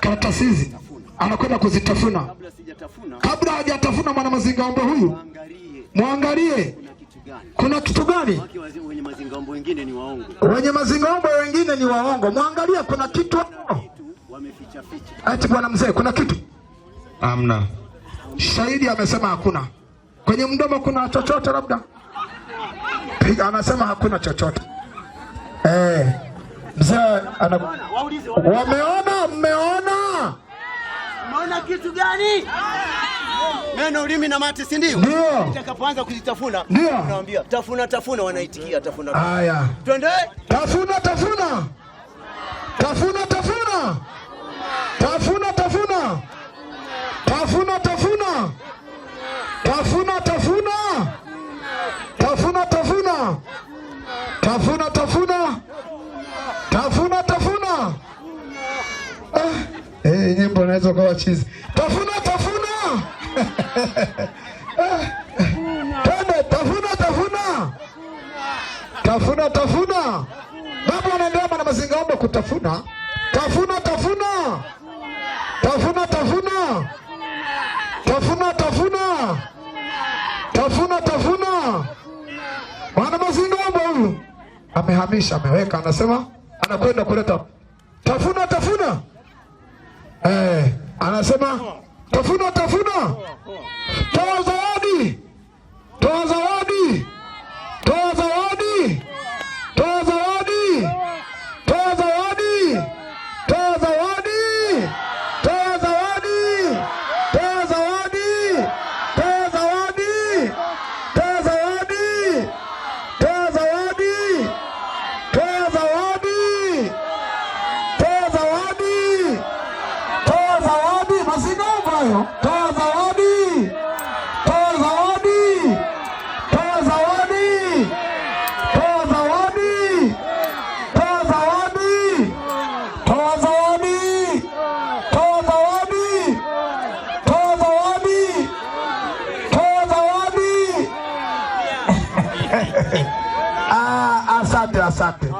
karatasi hizi, anakwenda kuzitafuna. Kabla hajatafuna, mwanamazingaombe huyu mwangalie kuna kitu gani? Wenye mazingaombo wengine ni waongo, Mwangalie kuna kitu ati bwana mzee, kuna kitu amna. Shahidi amesema hakuna kwenye mdomo, kuna chochote labda anasema hakuna chochote. Eh, mzee wameona Mnaona kitu gani? Meno, ulimi na mate, si ndio? Utakapoanza kuzitafuna unawaambia tafuna, tafuna, wanaitikia tafuna. Haya, twende tafuna, tafuna, tafuna, tafuna, tafuna, tafuna, tafuna, tafuna, tafuna, tafuna, tafuna, tafuna, tafuna eh, nyimbo inaweza kuwa chizi. Tafuna tafuna tende tafuna tafuna tafuna tafuna. Baba anaendelea na mazinga, omba kutafuna tafuna tafuna tafuna tafuna tafuna tafuna tafuna tafuna. Mwana omba huyu amehamisha, ameweka, anasema anakwenda kuleta tafuna tafuna eh, anasema tafuna tafuna toa Ah, asante, asante.